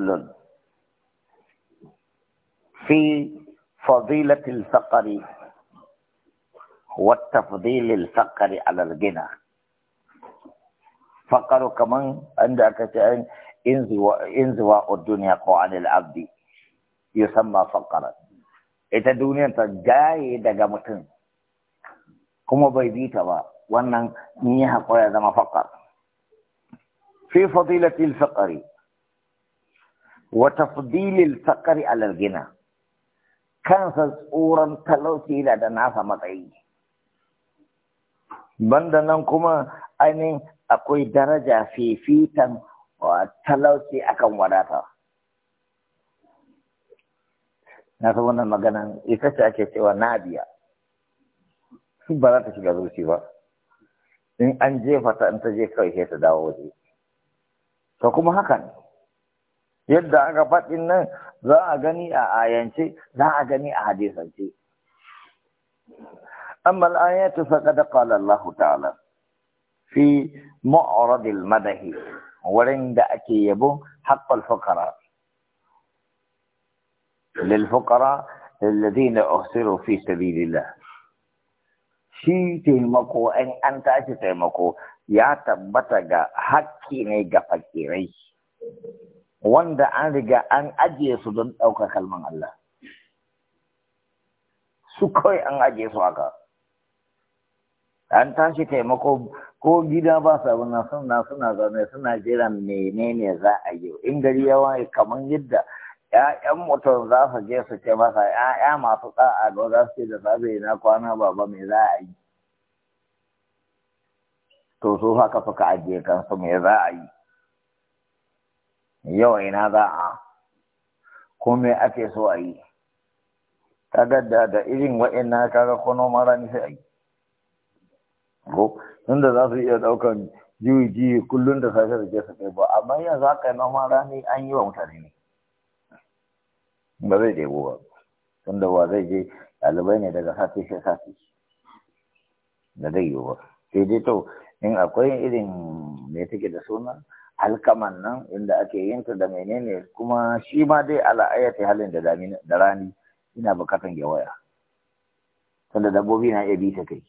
فصل في فضيلة الفقر والتفضيل الفقر على الغنى فقر كمان عندك انزواء انزوا الدنيا قوان العبد يسمى فقرا إذا الدنيا تجاي دقمتن كما بيديتا با وانا نيها قوية فقر في فضيلة الفقر Wata tafdilil faqri ala al-ghina kansa tsoron talauci da da nasa matsayi banda nan kuma ainihin akwai daraja fifitan talauci akan wadata na san wannan maganan ita ce ake cewa nadiya ba za ta shiga zuci ba in an jefa ta in ta je kawai sai ta dawo waje to kuma hakan. yadda aka faɗin nan za a gani a ayance za a gani a hadisance amma al'ayatu faqad qala Allah ta'ala fi mu'rad al-madahi wurin da ake yabo haqqal fuqara lil fuqara alladhina uhsiru fi sabilillah shi taimako in an tashi taimako ya tabbata ga hakki ne ga fakirai wanda an riga an ajiye su don ɗaukar kalman Allah su kawai an ajiye su haka an tashi taimako ko gida ba su na suna suna zaune suna jiran menene za a yi in gari yawa kamar yadda ‘ya'yan mutum za su je su ce masa ‘ya'ya masu ɗa'a ga za su ce da safe na kwana baba me za a yi to so haka suka ajiye kansu mai za a yi yau ina za a kome ake so a yi kaga da irin wa'ina kaga kono mara ni sai a yi ko tunda za su iya daukan jiwi jiwi kullum da safe da jesa su kai ba amma yanzu ka yi noman rani an yi wa mutane ne ba zai ɗebo ba tunda ba zai je ɗalibai ne daga safe sai safe da zai yi ba sai dai to in akwai irin me take da suna alkaman nan inda ake yin ta da menene kuma shi ma dai ala ayati halin da da rani ina bukatan gewaya tunda dabbobi na iya bita kai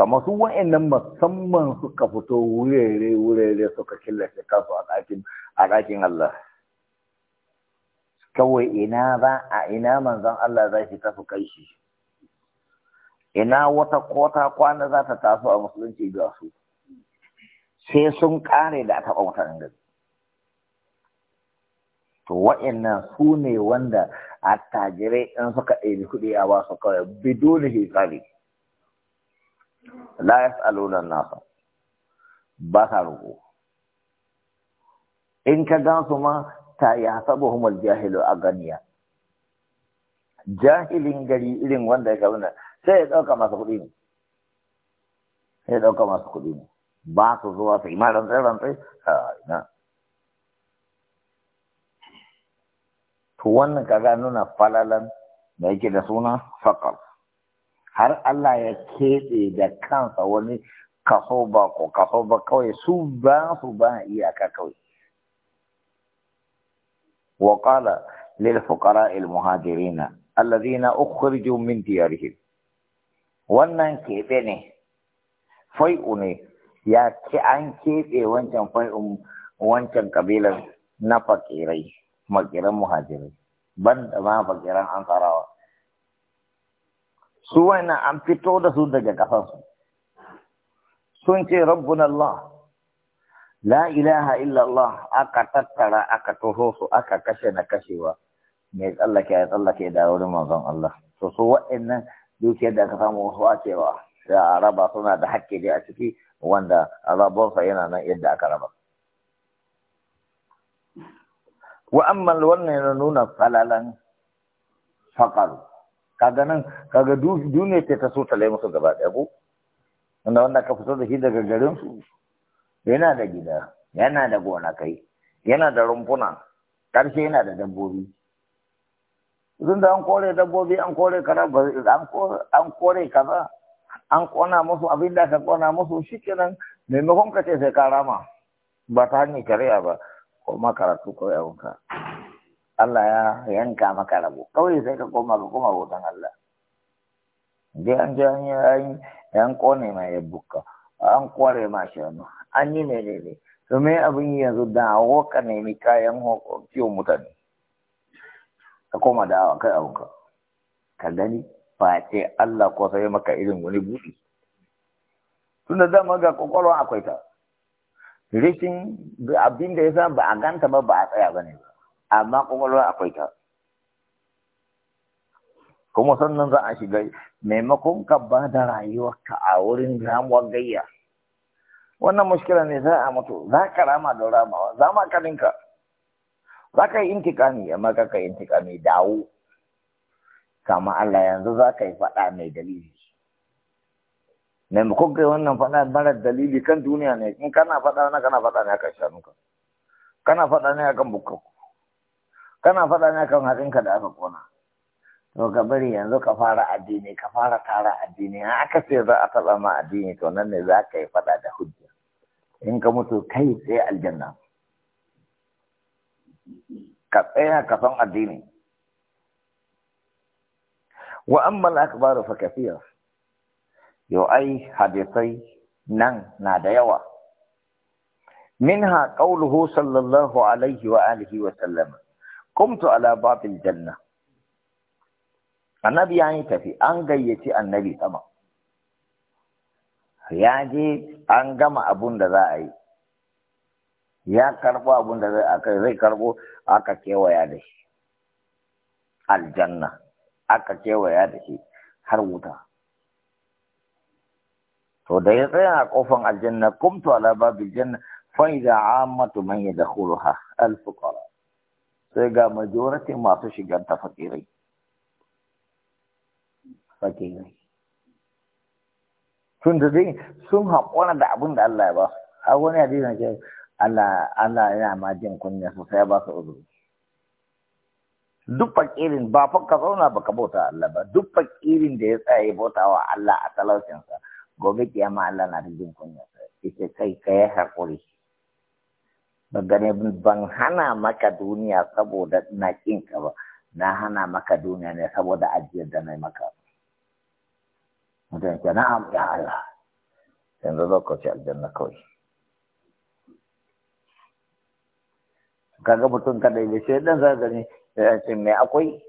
kamar su wa'annan musamman suka fito wurere wurere suka killace kansu a ɗakin a ɗakin Allah kawai ina ba a ina manzon Allah za shi tafi kai shi ina wata kota kwana za ta taso a musulunci ga su sai sun kare da a taɓa mutanen gari to wa'annan su ne wanda attajirai in suka ɗebi kuɗi a ba su kawai da hisabi la yas'aluna nasa ba sa roƙo in ka gan su ma ta yahsabuhum al-jahilu a ganiya. jahilin gari irin wanda ya kabin sai ya ɗauka masu kuɗi ne sai ya ɗauka masu kuɗi ne ba su zuwa su yi ma rantsai rantsai a ina to wannan kaga nuna falalan da yake da suna faƙar har Allah ya keɓe da kansa wani kaso ba ko kaso ba kawai su ba su ba iyaka kawai وقال للفقراء المهاجرين الذين أخرجوا من ديارهم wannan keɓe ne fai'u ne ya ce an keɓe wancan fa'in um, wancan kabilar na fakirai makiran muhajirai ban da ma fakiran an farawa su wannan an fito da su daga kasansu sun ce rabbun Allah la ilaha illallah aka tattara aka toho su aka kashe na kashewa mai tsallake ya tsallake da wurin manzon Allah to su wa'annan dukiyar da aka samu wasu a cewa da araba suna da hakki dai a ciki wanda rabonsa yana nan yadda aka raba wa amman wannan yana nuna falalan faƙaru kaga nan kaga duniya ce ta so ta lai musu gaba ɗaya ko wanda wanda ka fito da shi daga garin su yana da gida yana da gonakai yana da rumfuna ƙarshe yana da dabbobi tun da an kore dabbobi an kore kaza an kore kaza an kona musu abin da aka kona musu shikenan maimakon ka ce sai ka rama ba ta hanyar shari'a ba koma karatu ko yawonka Allah ya yanka maka rabo kawai sai ka koma ka koma hoton Allah dai an ji an yi an kone ma ya bukka an kware ma wani an yi ne ne ne to me abin yanzu da ka nemi kayan kiwon mutane ka koma da hawa kai a ka gani face Allah ko sai maka irin wani buɗi tunda zama ga kwakwalwa akwai ta Rikin abin da ya sa ba a ganta ba ba a tsaya ba ne ba amma kwakwalwa akwai ta kuma sannan za a shiga maimakon ka ba da rayuwarka a wurin ramuwar gayya wannan mushkila ne za a mutu za ka rama da ramawa za ma kaninka za ka yi intikami amma ka ka intikami dawo kama Allah yanzu za ka yi faɗa mai dalili maimakon kai wannan faɗa mara dalili kan duniya ne in kana faɗa wani kana faɗa ne akan shanuka? kana faɗa ne akan bukkanku kana faɗa ne akan ka da aka kona to ka bari yanzu ka fara addini ka fara tara addini a aka ce za a taɓa ma addini to nan ne za ka yi faɗa da hujja in ka mutu kai sai aljanna ka tsaya ka san addini وأما الأخبار فكثيرة يو أي حديثي نان ناديوة منها قوله صلى الله عليه وآله وسلم قمت على باب الجنة النبي يعني تفي ان أنجي النبي سما yaje an gama abun da za a yi ya karbo abun da zai karbo aka kewaya da shi aljanna aka kewaya da shi har wuta to da ya tsaya a ƙofan aljanna kumtu ala babu janna fa idza ammatu man yadkhuluha al fuqara sai ga majority masu shigar ta fakirai fakirai sun da dai sun haƙona da abin da Allah ya ba su a wani hadisi ne Allah Allah yana ma jin kunya sosai ya ba su uzuri duk fakirin ba fa ka zauna baka bauta Allah ba duk fakirin da ya tsaya bauta wa Allah a talaucinsa gobe kiyama Allah na rijin kunyarsa ita kai ka yi haƙuri gane ban hana maka duniya saboda na ka ba na hana maka duniya ne saboda ajiyar da na maka mutum ke na'am ya Allah yanzu zo ka ci aljanna kawai kaga mutum kada ya sai dan za Eh, sai mai akwai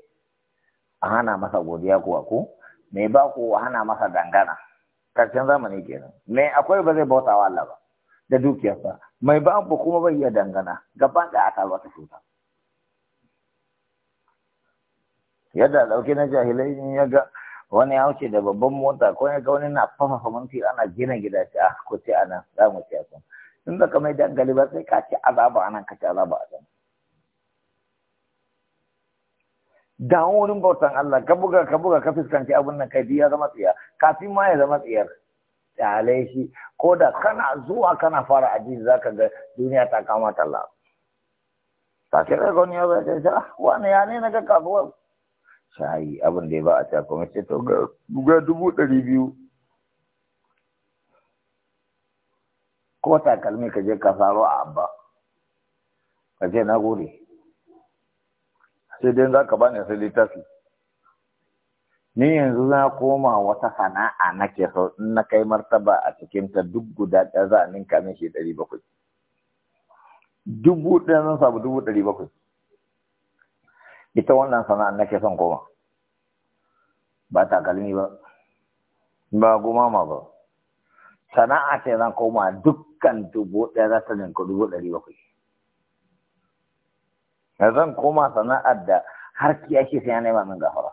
a hana masa godiya ko ko mai ba ku a hana masa dangana karshen zamani kenan mai akwai ba zai bauta wa Allah ba da dukiyarsa mai ba ku kuma bai ya dangana gaba da aka ba ta cuta yadda dauke na jahilai in ya ga wani ya wuce da babban mota ko ya ga wani na fafafa famanti ana gina gida ce ah, a ko ce ana za mu ce a can in da ka mai dangali ba sai ka ci azaba anan ka ci azaba a can da wurin bautan Allah ka buga ka buga ka fuskanci abin nan kai ya zama tsiya kafin ma ya zama tsiyar tsale shi ko da kana zuwa kana fara addini zaka ga duniya ta kama ta Allah. ta ce ga wani ya ta ce ah wani ya ne na ga kasuwar sai abin da ya ba a ta kuma ce to ga dubu ɗari biyu ko takalmi ka je ka faro a abba ka je na gode sai dai za ka bani sai littafi ni yanzu na koma wata sana'a ke so in na kai martaba a cikin ta duk guda ɗaya za a ninka min shi ɗari bakwai dubu ɗaya zan samu dubu ɗari bakwai ita wannan sana'a ke son koma ba takalmi ba ba gumama ba sana'a ce zan koma dukkan dubu ɗaya za ta ninka dubu ɗari bakwai da zan koma sana'ar da har kiyashi sai ya nema min gafara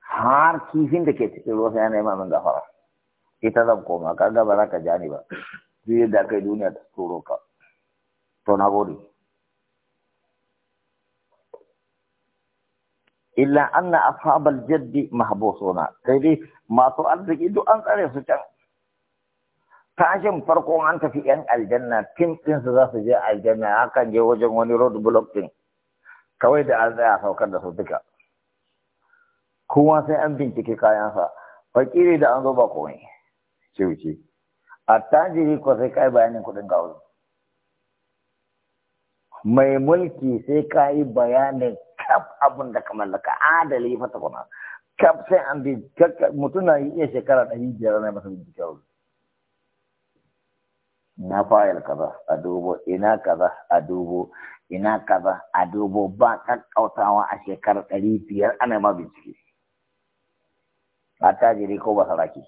har kifin da ke cikin ruwa sai ya nema min gafara ita zan koma ka ga za ka ja ni ba duk da kai duniya ta turo ka to na gode illa anna ashabal jaddi mahbusuna sai dai masu arziki duk an tsare su can tashin farko an tafi yan aljanna tim ɗinsu za su je aljanna kan je wajen wani road block ɗin kawai da an tsaya saukar da su duka Kuma sai an bincike kayansa fakiri da an zo ba komai ce wuce attajiri ko sai kai bayanin kuɗin gawo mai mulki sai ka yi bayanin kaf abin da ka mallaka adali fa tukuna kaf sai an bincike mutum na iya shekara ɗari biyar na masa bincike na fayil kaza a dubo ina kaza a dubo ina kaza a dubo ba kakkautawa a shekarar ɗari biyar ana ma bincike ba tajiri ko ba saraki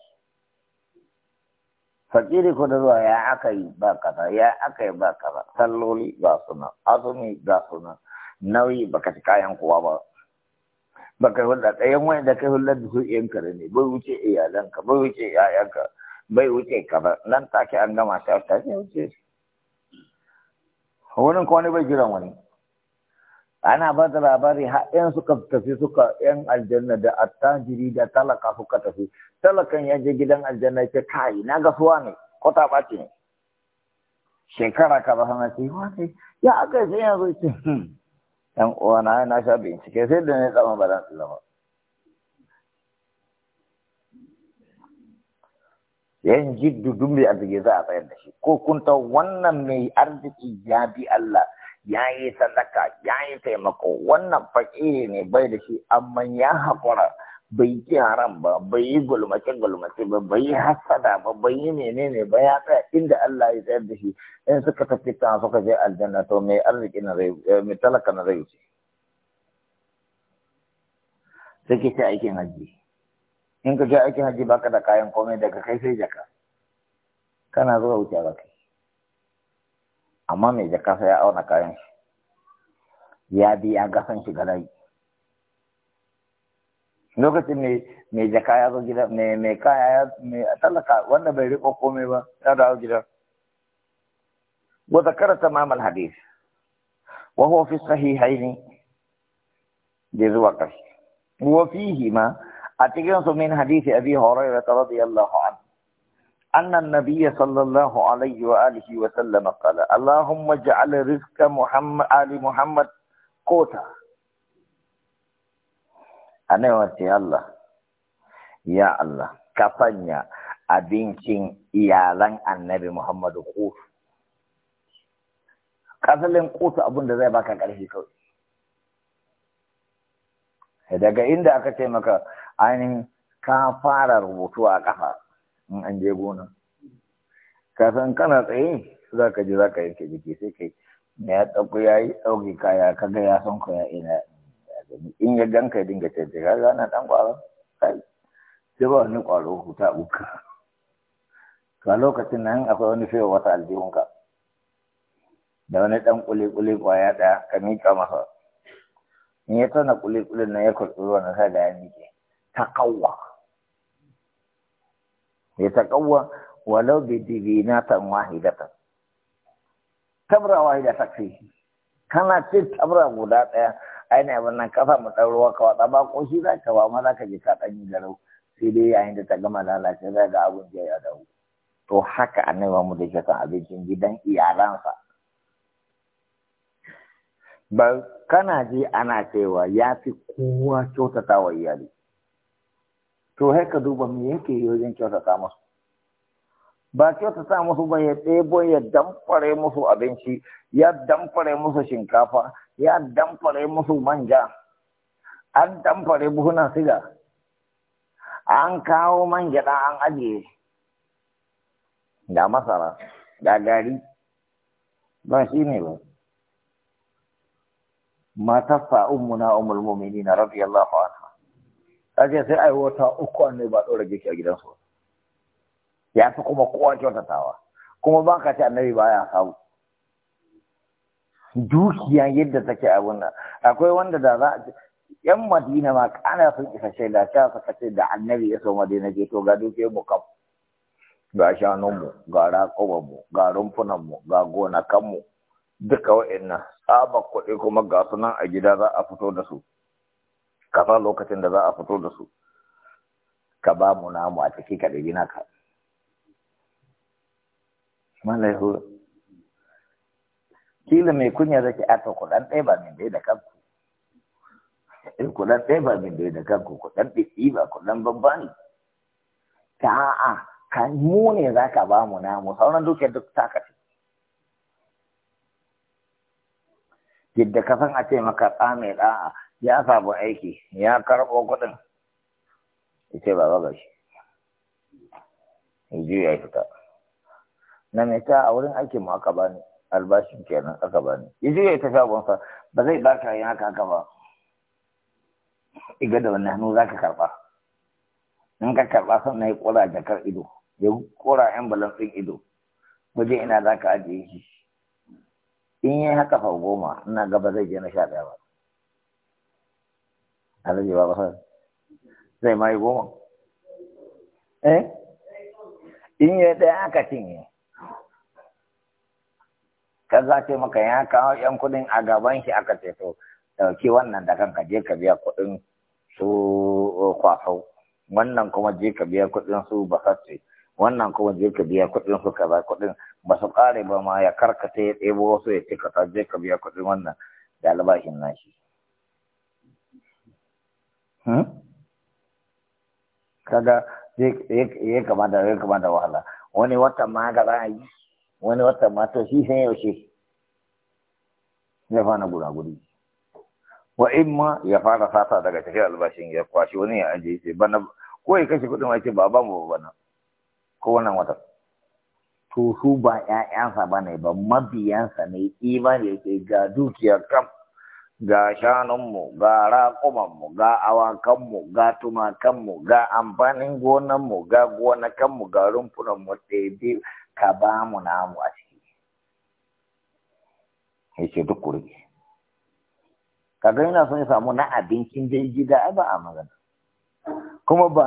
fakiri ko da zuwa ya aka yi ba kaza ya aka yi ba kaza salloli ba suna azumi ba suna nauyi ka ci kayan kowa ba yi hulɗa ɗayan wani da kai hulɗa da su kare ne bai wuce iyalanka bai wuce 'ya'yanka bai wuce ka ba nan take an gama ta ta ce wuce wannan ko ne bai jira wani ana ba da labari har yan suka tafi suka yan aljanna da attajiri da talaka suka tafi talakan ya je gidan aljanna ce kai na ga suwa ne ko ta ɓaci ne shekara ka ba sana ce wani ya aka yi sai yanzu ce hmm, yan uwa na na sha bincike sai da ne tsawon ba zan tsira yan jiddu duk mai arziki za a tsayar da shi ko kun ta wannan mai arziki ya bi Allah ya yi sadaka ya yi taimako wannan fakiri ne bai da shi amma ya haƙura bai ki haram ba bai yi gulmace gulmace ba bai yi hasada ba bai yi menene ba ya tsaya inda Allah ya tsayar da shi in suka tafi ta suka je aljanna to mai arziki na zai eh, mai talaka na zai wuce sai ke aikin hajji in ka je aikin haji baka da kayan komai daga kai sai jaka kana zuwa wuce ba kai amma mai jaka sai ya auna kayan shi ya bi ya gasan shi ga rai lokacin ne mai jaka ya zo gida mai mai kaya ya mai talaka wanda bai riko komai ba ya dawo gida wa zakara tamam al hadith wa huwa fi sahihaini da zuwa kashi wa fihi ma أتكلم من حديث أبي هريرة رضي الله عنه أن النبي صلى الله عليه وآله وسلم قال اللهم اجعل رزق محمد آل محمد قوتا أنا واتي الله يا الله كفنيا abincin iyalan annabi Muhammadu kotu. Kasalin kotu abin da zai baka ƙarfi kawai. Daga inda aka ce maka ainihin ka fara rubutu a ƙafa in an je gona kasan kana tsaye za ka ji za ka yanke jiki sai kai ya ɗauko ya yi ɗauki kaya ga ya san ko ya ina in ya ganka ya dinga cece ka ga na ɗan ƙwaron kai sai ba wani ƙwaro huta ta ka lokacin nan akwai wani fiye wata aljihunka da wani ɗan ƙuli-ƙuli ƙwaya ɗaya ka miƙa masa in ya tana ƙuli-ƙulin nan ya kurɓi wannan sa da ya miƙe taqawwa ya taqawwa walau bi divinatan wahidatan tabra wahida takfihi kana cin tabra guda daya aina abin kafa mu ɗan ruwa ka watsa ba ƙoshi za ka ba ma ka ji ka ɗan yi garau sai dai yayin da ta gama lalace za ga abun da ya dawo to haka annabi mu da ke kan abincin gidan iyalansa ba kana ji ana cewa ya fi kowa kyautata wa iyali to ka duba me yake yi wajen kyautata musu ba kyautata musu ba ya ɗebo ya damfare musu abinci ya damfare musu shinkafa ya damfare musu manja an damfare buhunan siga an kawo man gyaɗa an ajiye da masara da gari ba shi ne ba matarsa ummuna umul mu'minin radiyallahu anha kaje sai ai wata uku annai ba ɗora gishi a gidansu ya fi kuma kowa kyautatawa kuma ba ka ce annabi ba ya samu dukiya yadda take abin nan akwai wanda da za a yan madina ma kana sun isa shaida ta saka ce da annabi ya so madina ke to ga dukiyar mu kam ga shanunmu ga raƙubanmu ga rumfunanmu ga gonakanmu duka wa'in nan. tsaba kuɗi kuma ga sunan a gida za a fito da su ka sa lokacin da za a fito da su ka ba mu namu a ciki ka ɗabi naka malaihu kila mai kunya zake a to kuɗan ɗaya ba min dai da kanku eh, kuɗan ɗaya ba min dai da kanku kuɗan ɗiɗi ba kuɗan babban ta a ka mu ne za ka ba mu namu sauran dukiyar duk ta kafi yadda ka san a ce maka ɗa mai ɗa'a ya samu aiki ya karɓo kuɗin ya ce ba ba shi ya juya fita na mai ta a wurin aikin mu aka bani albashin kenan aka bani ya juya ta shagonsa ba zai ba ka yi haka haka ba iga da wani hannu za ka karɓa in ka karɓa na yi ƙura jakar ido ya ƙura yan balan ɗin ido waje ina za ka ajiye shi in yi haka fa goma ina gaba zai je na sha ɗaya ba alhaji ba ba zai ma yi goma eh in ya ɗaya aka cinye ka za ce maka ya kawo yan kudin a gaban shi aka ce to dauki wannan da kanka je ka biya kudin su uh, kwasau wannan kuma je ka biya kudin su basatse wannan kuma je ka biya kuɗin su kaza kuɗin ba su kare ba ma ya karkata ya ɗebo wasu ya ce ka je ka biya kuɗin wannan da albashin nashi kaga ya kama da ya kamata wahala wani wata ma ga yi wani wata ma to shi sai yaushe ya fara guda guri wa in ma ya fara sata daga cikin albashin ya kwashi wani ya ajiye sai bana ko ya kashe kudin wace ba ba mu ba bana ko wannan wata to su ba ƴaƴansa bane ba mabiyansa ne imani yake ga dukiya kam ga shanunmu ga raƙumanmu ga awakanmu ga tumakanmu ga amfanin gonanmu ga gonakanmu ga rumfunanmu daidai ka ba mu namu a ciki ya ce duk kurgi kaga yana son ya samu na abincin da gida a ba a magana kuma ba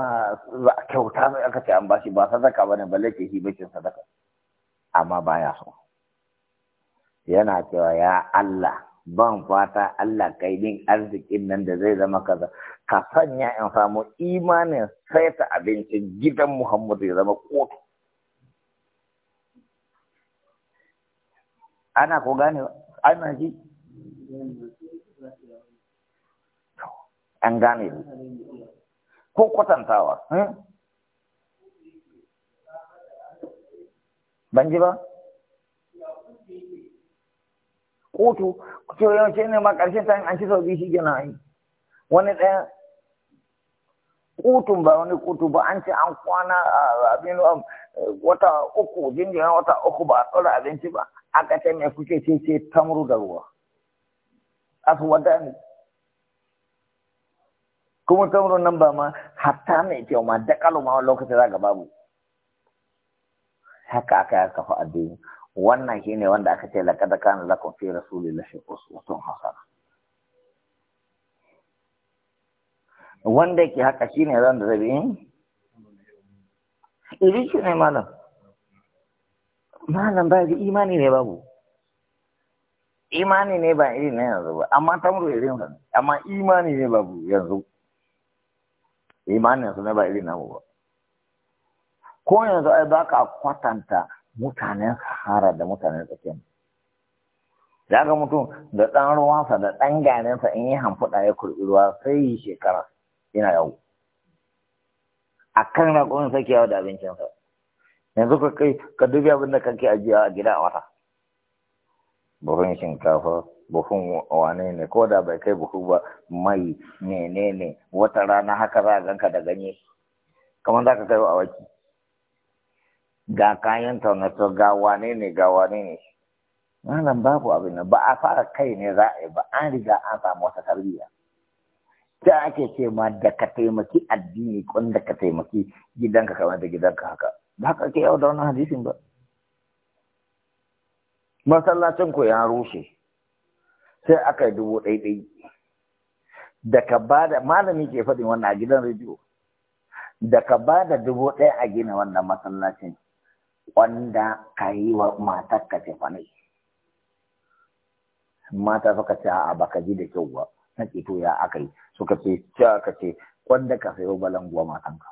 kyauta mai aka ce an bashi ba sadaka ba ne balle ke shi bakin sadaka amma ba ya so yana cewa ya Allah ban fata Allah kai din arzikin nan da zai zama kaza ka sanya in samu imanin saita abincin gidan Muhammadu ya zama kotu ana ko gane ana ji an gane ko kwatantawa hmm? ban ji ba kotu ku ce ne ma ƙarshen ta an ci sauki shi gina yi wani ɗaya kotun ba wani kotu ba an ce an kwana abin um, wata uku jinjina wata uku ba a tsara abinci ba aka kace mai kuke ce ce tamru da ruwa wata ne kuma tamru nan ba ma hatta mai kyau ma dakalo ma lokacin za ga babu haka aka ya kafa addini wannan ne wanda aka ce laƙada kan lakum fi rasulillahi uswatun hasana wanda yake haka ne zan da zabi iri eh? eh, shi ne malam malam ba yi imani ne babu imani ne ba iri na yanzu ba amma tamru irin sa amma imani ne babu yanzu imanin yanzu ne ba iri na ba ko yanzu ai ba ka kwatanta mutanen sahara da mutanen tsakiyar da ga mutum da ɗan ruwansa da ɗan ganensa in yi hamfuɗa ya kurɓi ruwa sai yi shekara yana yau. a kan na ƙunin sake yawa da abincinsa yanzu ka kai ka dubi abin da kake ajiya a gida a wata buhun shinkafa buhun wane ne ko da bai kai buhu ba mai ne ne wata rana haka za a ganka da ganye kamar za ka kai wa awaki ga kayan taunato ga wane ne ga wane ne malam babu abin nan ba a fara kai ne za a ba an riga an samu wata tarbiyya ta ake ce ma da ka taimaki addini kun da ka taimaki gidanka kamar da gidanka haka ba ka ke yau da wani hadisin ba masallacin ku ya rushe sai aka yi dubu ɗaiɗai da ka ba da malami ke faɗin wannan a gidan rediyo da ka ba da dubu ɗaya a gina wannan masallacin wanda ka yi wa mata ka tefanai mata suka ce a baka ji da kyau ba na ce to ya aka yi suka ce ce aka ce wanda ka sayo balanguwa matanka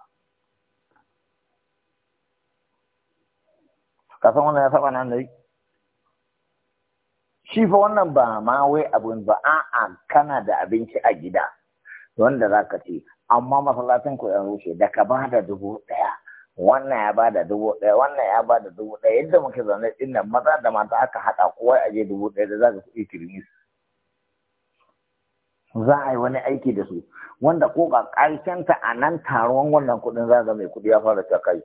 ka san wannan ya saba nan da yi shi fa wannan ba ma wai abin ba a'a kana da abinci a gida wanda za ka ce amma masallacin ku ya rushe da ka ba da dubu ɗaya wannan ya ba da dubu ɗaya wannan ya ba da dubu ɗaya yadda muke zaune ɗin nan maza da mata aka haɗa kowa a je dubu ɗaya da za ka kuɗi kirmis za a yi wani aiki da su wanda ko ga ta a nan taruwan wannan kuɗin za ga mai kuɗi ya fara ta kai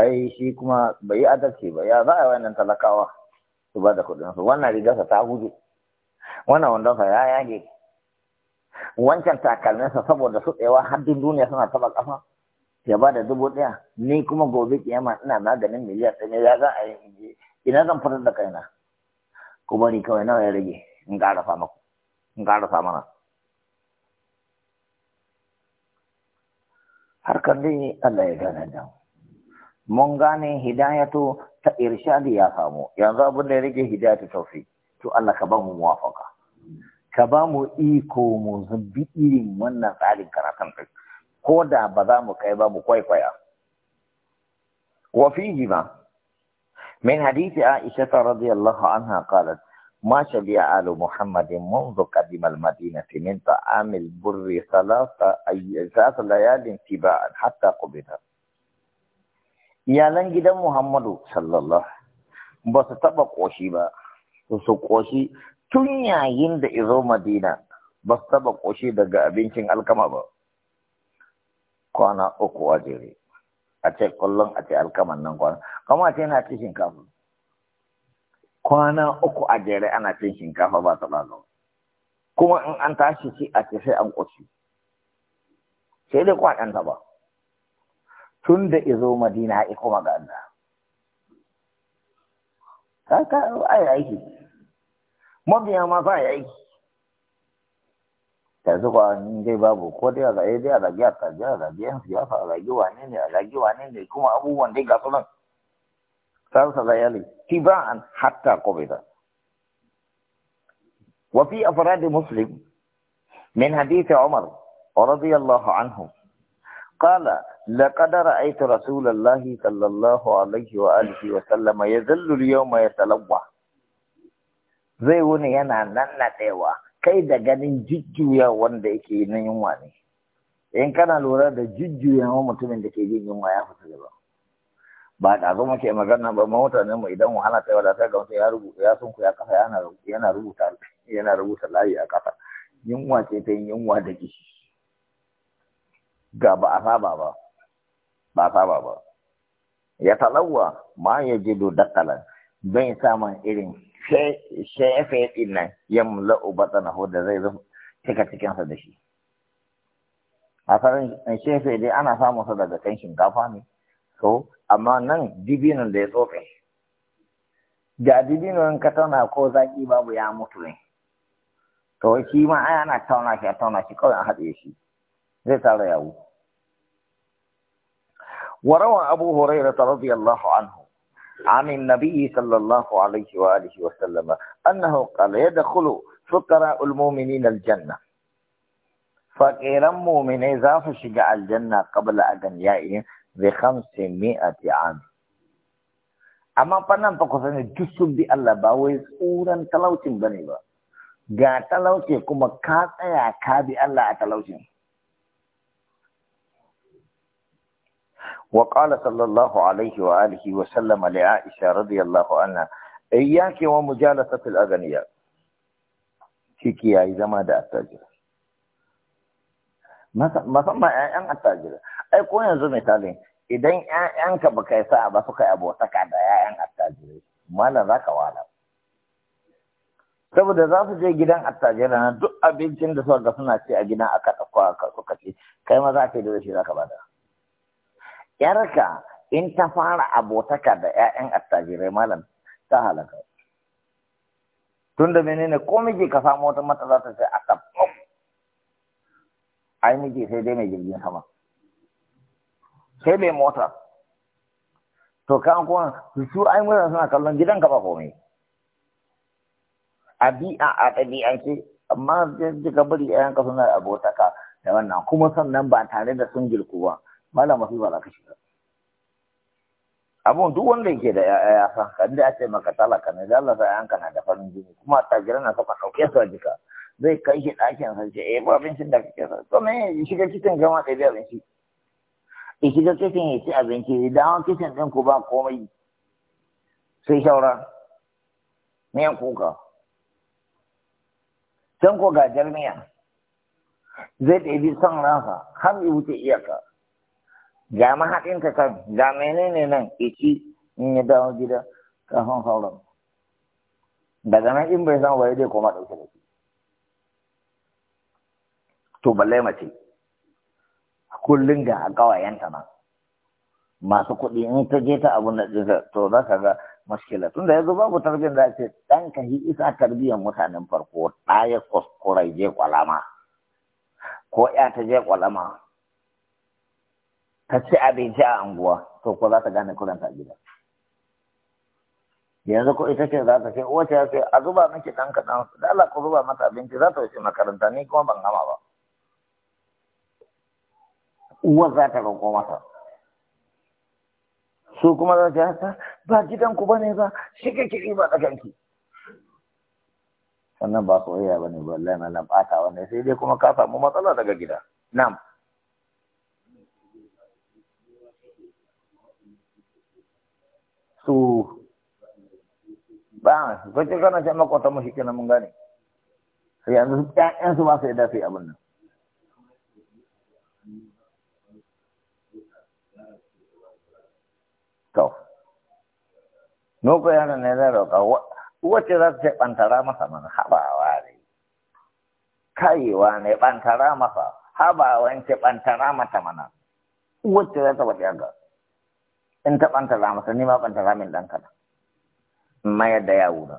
ai shi kuma bai yi adalci ba ya za a yi wannan talakawa su ba da kuɗin su wannan rigarsa ta huje wannan sa ya yage wancan takalminsa saboda su tsayawa haddin duniya suna taɓa ƙafa ya ba da dubu ɗaya ni kuma gobe kiyama ina maganin miliyan ɗaya ya za a yi ina zan fitar da kaina ku bari kawai nawa ya rage in ƙarasa maku in ƙarasa mana harkar dai Allah ya gane da mun gane hidayatu ta irshadi ya samu yanzu abin da ya rage hidayatu taufi to Allah ka ba mu muwafaka ka ba mu iko mu zubi irin wannan tsarin karatun ɗin ko da ba za mu kai ba mu kwaikwaya wa fihi ma min hadithi Aisha ta radiyallahu anha qalat ma ما شبع آل محمد منذ قدم المدينة من طعام البر ثلاثة أي ثلاث ليال تباعا حتى قبل iyalan gidan Muhammadu sallallahu ba su taba koshi ba su koshi tun yayin da izo Madina ba su taba koshi daga abincin alkama ba kwana uku wajere a ce kullum a ce alkaman nan kwana kama a yana cin shinkafa kwana uku a jere ana cin shinkafa ba ta lalo kuma in an tashi shi a ce sai an ƙoci sai dai kwaɗanta ba tun da izo madina ya kuma ga Allah ka ka ai aiki mabiya ma ba ya aiki yanzu ko an dai babu ko dai a zaɓe dai a zagi a kaji a zagi yan siyasa a zagi wane ne a zagi wane ne kuma abubuwan dai ga su nan sarsa zayali tiba'an hatta qubida wa fi afrad muslim min hadith umar radiyallahu anhu qala لقد رأيت رسول الله صلى الله عليه وآله وسلم يذل اليوم يتلوى زي وني أنا ننتوى kai da ganin jujjuya wanda yake na yunwa ne in kana lura da jujjuyawa mutumin da ke yin yunwa ya fita gaba ba da zo muke magana ba ma mutane mu idan wahala ta wada ta ga mutum ya rubuta ya sunku ya kafa yana yana rubuta yana rubuta layi a kafa yunwa ce ta yin yunwa da ki ga ba a saba ba ba a saba ba ya talawa ma ya do dakalan bai samun irin shafe ɗin nan ya mula ubata na da zai zo cika cikinsa da shi a farin shafe dai ana samun sa daga kan shinkafa ne so amma nan dibinan da ya tsofe ga dibinan ka tauna ko zaki babu ya mutu ne to shi ma ai ana tauna shi a tauna shi kawai a haɗe shi zai tara yawo وروى abu هريرة رضي anhu عن النبي صلى الله عليه وآله وسلم أنه قال يدخل فقراء المؤمنين الجنة فقيرا مؤمن إذا فشجع الجنة قبل أن يأي بخمس مئة عام أما فنان تقصد جسد دي الله باويز أورا تلوتين بنيبا جاء تلوتين كما كاتا يا كابي الله تلوتين وقال صلى الله عليه وآله وسلم لعائشة رضي الله عنها إياك ومجالسة الأغنياء كيكي أي زمادة التاجر musamman ‘ya'yan attajiri ai ko yanzu misali idan ‘ya'yanka ba kai sa ba suka yi abotaka da ‘ya'yan attajiri ما za ka wala saboda za su je gidan attajira na duk abincin da suka ga suna ce a gina aka ɗauko aka suka ci kai ma za ka yi da shi za ka bada yarka in ta fara abotaka da ƴaƴan attajirai malam ta halaka tunda menene ko miji ka samu wata matsala za ta sai a ai miji sai dai mai jirgin sama sai mai mota to an kuma su ai mota suna kallon gidan ka ba komai a bi'a a ɗabi'ance amma ka bari ƴaƴanka suna abotaka da wannan kuma sannan ba tare da sun girku ba malam mafi ba za ka shiga abun duk wanda yake da ya'ya ya san kan da ce maka talaka ne Allah sai an kana da farin jini kuma tajiran na saka sauke su a jika zai kai shi ɗakin sa ce eh ba abincin da kake sa to me shiga kicin gama da bi abinci ya shiga kicin ya ci abinci da hawan kicin din ku ba komai sai shaura miyan kuka can ko gajar miya zai ɗebi son ransa har ya wuce iyaka ga mahaɗinka kan ga menene nan ici in ya dawo gida Ka san sauran daga nan in bai san waye zai koma ɗauke da shi to balle mace kullum ga a ƙawayenta ma masu kuɗi in ta je ta abun da ɗinsa to za ka ga mashkila tun da yanzu babu tarbiyyar da ake ɗan ka yi isa tarbiyyar mutanen farko ɗaya kuskurai je kwalama ko ya ta je kwalama ta ci abinci a anguwa to ko za ta gane kuranta a gida yanzu ko ita ce za ta ce wace ya ce a zuba miki ɗan kaɗan da Allah ku zuba mata abinci za ta wuce makaranta ni kuma ban gama ba uwar za ta roƙo mata su kuma za ta haka ba gidanku ba ne ba shi kake kiɗi ba tsakanki sannan ba soyayya ba ne ba lalata ɓata wannan sai dai kuma ka samu matsala daga gida na'am to ba kwace kana ce makwata mu shi kenan mun gane sai yanzu ƴaƴan su ba su yadda sai abin nan to no ko yana ne da roƙa wacce za ta ce ɓantara masa mana habawa ne kayewa ne ɓantara masa haba wance ɓantara mata mana wacce za ta faɗi haka in ta ɓantara masa ni ma ɓantara min ɗan kaɗan in mayar da yawo na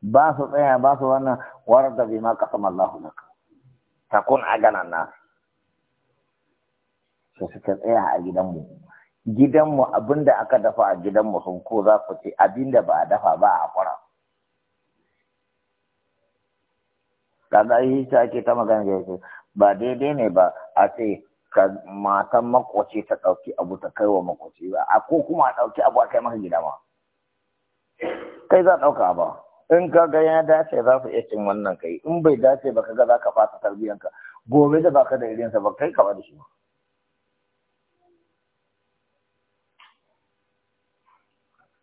ba su tsaya ba su wannan warar da bai ma mallahu na ta kun a ganan na su suka tsaya a gidanmu gidanmu abinda aka dafa a gidanmu sun ko za ku ce abinda ba a dafa ba a kwara kaga yi ta ake ta magana yake ba daidai ne ba a ce ka matan makwace ta ɗauki abu ta kai wa makwace ba a ko kuma a ɗauki abu a kai maka gida ma kai za ɗauka ba in ka ga ya dace za su iya wannan kai in bai dace ba ka ga za ka fasa tarbiyyanka gobe da baka da irinsa ba kai ka ba da shi ba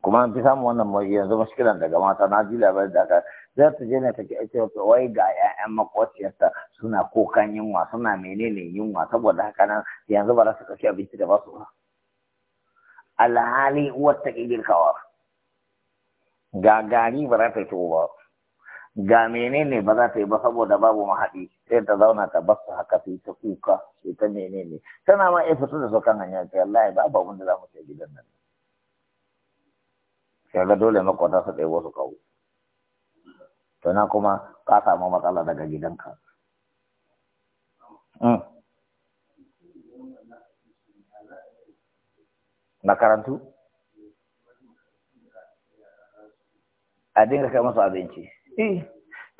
kuma an fi samun wannan yanzu mashkilan daga mata na ji labarin da aka za ta je ne ta ke ake wata wai ga 'ya'yan makwaciyarta suna kokan yunwa suna menene yunwa saboda haka nan yanzu ba za su kashe abinci da ba ba alhali uwar ta ƙi girkawa ga gari ba za ta yi ba ga menene ba za ta yi ba saboda babu mahaɗi sai ta zauna ta basu haka sai ta kuka sai ta menene tana ma iya fito da su kan hanya ta yallahi ba abin da za mu ce gidan nan kaga dole makwata sa ɗebo su kawo to na kuma ka samu matsala daga gidanka hmm. makarantu a dinga kai musu abinci eh.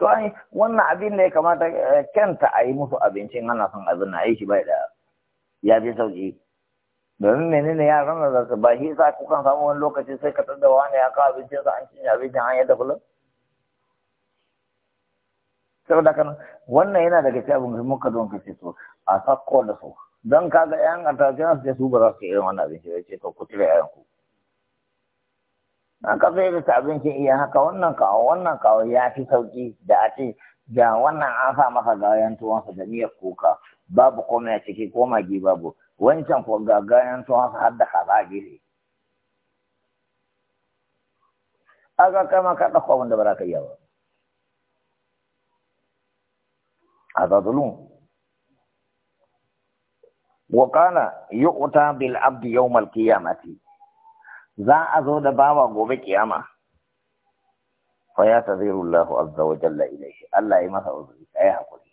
to ai wannan abin da ya kamata eh, kenta a yi musu abincin ana son abin na yi shi bai da ya fi sauki domin menene yaran da zasu ba shi sa kukan samu wani lokaci sai ka da wani ya kawo abincin sa an cinye abincin an yadda kullum saboda kan wannan yana daga cikin abin da ka don ce to a sakko da su don ga yan atajin su su ba za su irin wannan abinci ya ce to ku tire ku an ka sai da abincin iya haka wannan kawo wannan kawo ya fi sauki da a ce ga wannan an sa masa gayan tuwansa da miyar kuka babu komai a ciki ko magi babu wancan ko gagayen sun hasa har da kaza a gefe aga kama ka ɗauko abin da ba za ka iya ba a zazulun وقال يؤتى بالعبد يوم القيامة za a zo da bawa gobe kiyama fa ya taziru Allah azza wa jalla ilaihi Allah ya masa uzuri ayi hakuri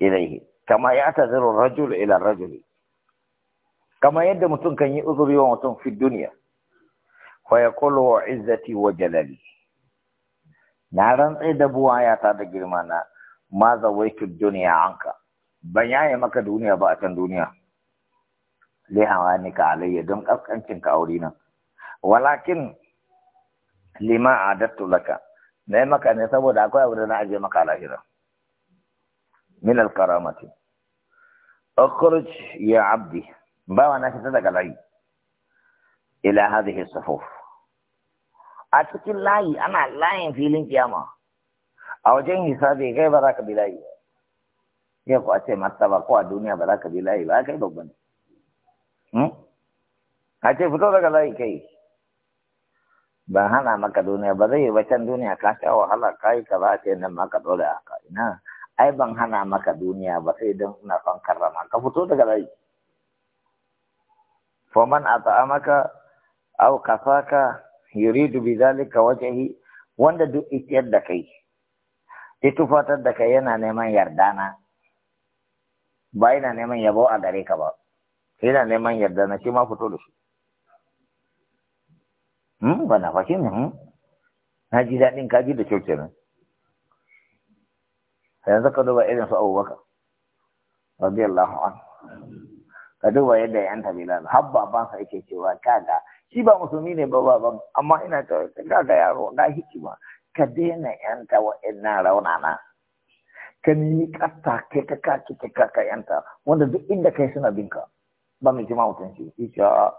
ilaihi kama ya taziru rajul ila rajuli kama yadda mutum kan yi uzuri wa mutum fi duniya fa yaqulu wa izzati wa jalali na rantsai da ya ta da girma na ma zawaitu duniya anka ban yaye maka duniya ba a can duniya lihawa ni ka alayya don kaskancin ka aure nan walakin lima adattu laka na maka ne saboda akwai abu da na ajiye maka lahira min al-karamati akhruj ya abdi bawa na fita daga layi ila hadhihi safuf a cikin layi ana layin filin kiyama a wajen hisabi kai ba za ka bi layi ba sai a ce martaba ko a duniya ba za ka bi layi ba kai babban a ce fito daga layi kai ba hana maka duniya ba zai yi ba can duniya ka sha wahala ka yi ba ce nan maka dole a ina ai ban hana maka duniya ba sai don ina son karrama ka fito daga rai faman ata'amaka aw kasaka yuridu zalika wajhi wanda duk ikiyar da kai ya tufatar da kai yana neman yardana ba yana neman yabo a gare ka ba yana neman yardana shi ma fito da shi hmm ba na fashin hmm na ji daɗin kaji da kyau kenan yanzu ka duba irin su abubakar radiyallahu an ka duba yadda ya yanta bilal ba babansa yake cewa kaga shi ba musulmi ne ba ba amma ina ta kaga yaro ga hikima ka daina yanta rauna raunana ka nemi kasta kai ka kaki ka ka yanta wanda duk inda kai suna binka ba mai jima mutunci shi ce a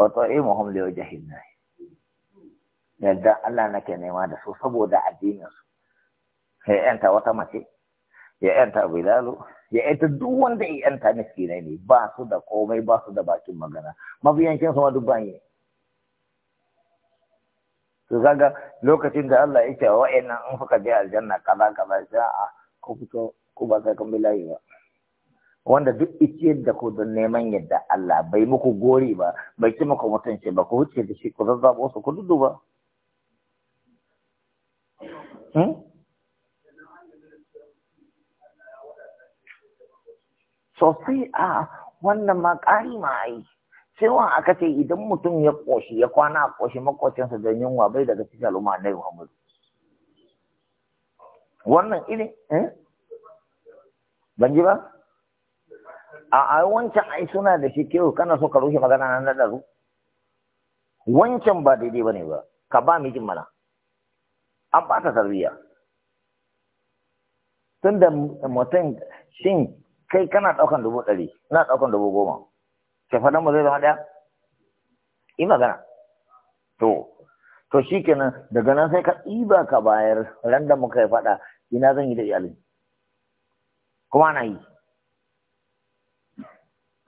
wato eh muhammadu ya wajen na yadda Allah na ke nema da su saboda addinin su ya yanta wata mace ya yanta bilalu ya yanta duk wanda ya yanta miskinai ne ba su da komai ba su da bakin magana mabiyancin su ma duk banye Su zaga lokacin da Allah ya ce wa wa'annan in suka je aljanna kaza kaza sai a fito ku ba sai kun ba wanda duk iciyar da ku don neman yadda Allah bai muku gori ba bai ci muku mutunci ba ku huce da shi ku zazzabo su ku dudu ba hmm? sosai a wannan ma ƙari ma ai sai wa aka ce idan mutum ya ƙoshi ya kwana a ƙoshi makocinsa don yunwa bai daga cikin al'umma na Muhammadu wannan irin eh? ban ji ba a a wancan ai suna da shi kewa kana so ka rushe magana nan da daru wancan ba daidai ba ne ba ka ba jin mana an ba ta tarbiyya tunda mutum shin kai kana ɗaukan dubu ɗari na ɗaukan dubu goma shafaɗan mu zai zama ɗaya yi magana to to shi kenan daga nan sai ka ɗiba ka bayar ran da muka yi faɗa ina zan yi da iyalin kuma na yi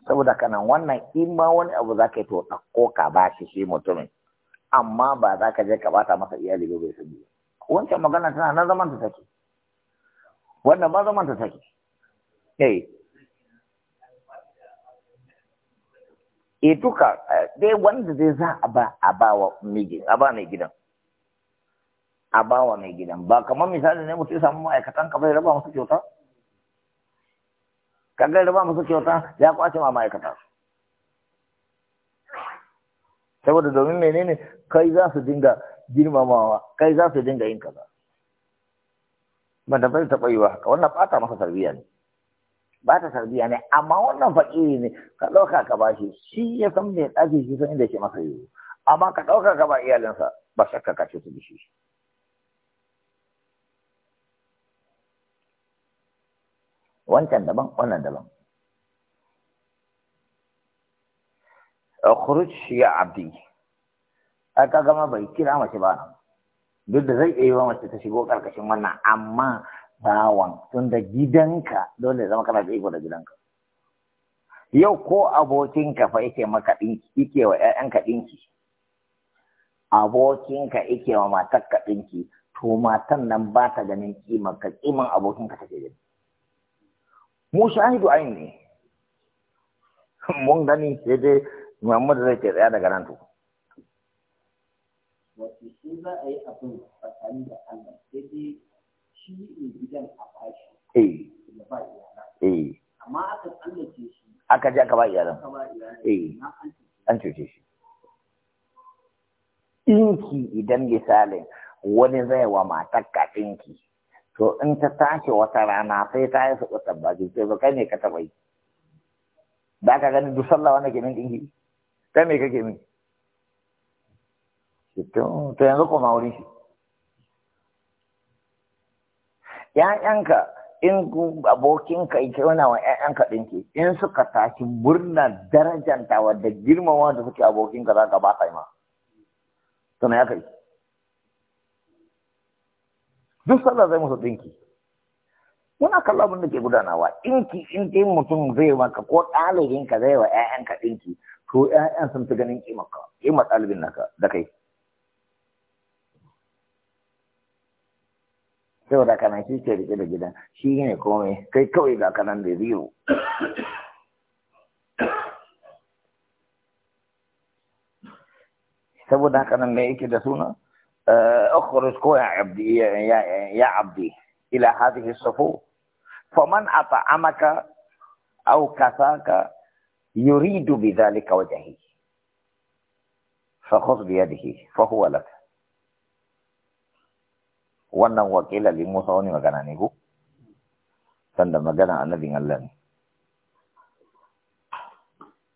saboda kanan wannan in ma wani abu za ka yi to ɗauko ka ba shi shi mutumin amma ba za ka je ka bata masa iyali ba bai sabi wancan magana tana na zaman ta take wannan ba zaman ta take Hey. e duka eh, dai wanda zai za a ba a ba wa a ba mai gidan a ba wa mai gidan ba kamar misali ne mutu samu ma'aikatan ka bai raba musu kyauta kaga raba musu kyauta ya kwace ma ma'aikata saboda domin menene kai za su dinga girmamawa kai za su dinga yin kaza ba da bai taɓa yi wa wannan ɓata masa tarbiyya ne ba ta sarbiya ne amma wannan fakiri ne ka ɗauka ka ba shi shi ya san mai ɗaki shi san inda shi masa yi. amma ka ɗauka ka ba iyalinsa ba shakka ka ce su shi. wancan daban wannan daban khuruj ya abdi ka gama bai kira mace ba duk da zai iya yi wa mace ta shigo karkashin wannan amma bawan tun da gidanka dole zama kana da iko da gidanka yau ko abokinka fa yake maka ɗinki yake wa ƴaƴanka ɗinki abokinka yake wa matarka ɗinki to matan nan ba ta ganin kimar ka kiman abokinka take gani mu shahidu ayin ne mun gani sai dai muhammadu zai ke tsaya daga nan to wasu shi za a yi abin tsakanin da Allah sai dai Eh. Eh. shi ne iyalan ɗinki eh. idan misalin wani zai wa matar ka ɗinki to in ta tashi wata rana sai ta yi su baki sai ba kai ne ka taɓa yi ba ka gani duk sallah wanda ke min ɗinki kai me kake min to yanzu kuma wurin shi ‘ya'yanka in abokinka ya kyauna wa ‘ya'yanka ɗinki in suka tashi murna darajantawa da girmama da suke abokinka za ka ba ka ma. Tuna ya kai. Duk sallah zai musu ɗinki. Muna kallon abin da ke gudanawa ɗinki in dai mutum zai maka ko ɗalibinka zai wa ‘ya'yanka ɗinki to ‘ya'yan sun fi ganin ƙimaka, ƙimar ɗalibin naka da kai. saboda kana shi ke rike da gidan shi ne komai kai kawai ga kanan da zero saboda haka ne yake da suna اخرج كو يا عبدي يا يا عبدي الى هذه الصفوف فمن اطعمك او كساك يريد بذلك وجهه فخذ بيده فهو لك wannan wakila Musa wani magana ne ku? sanda magana annabin Allah ne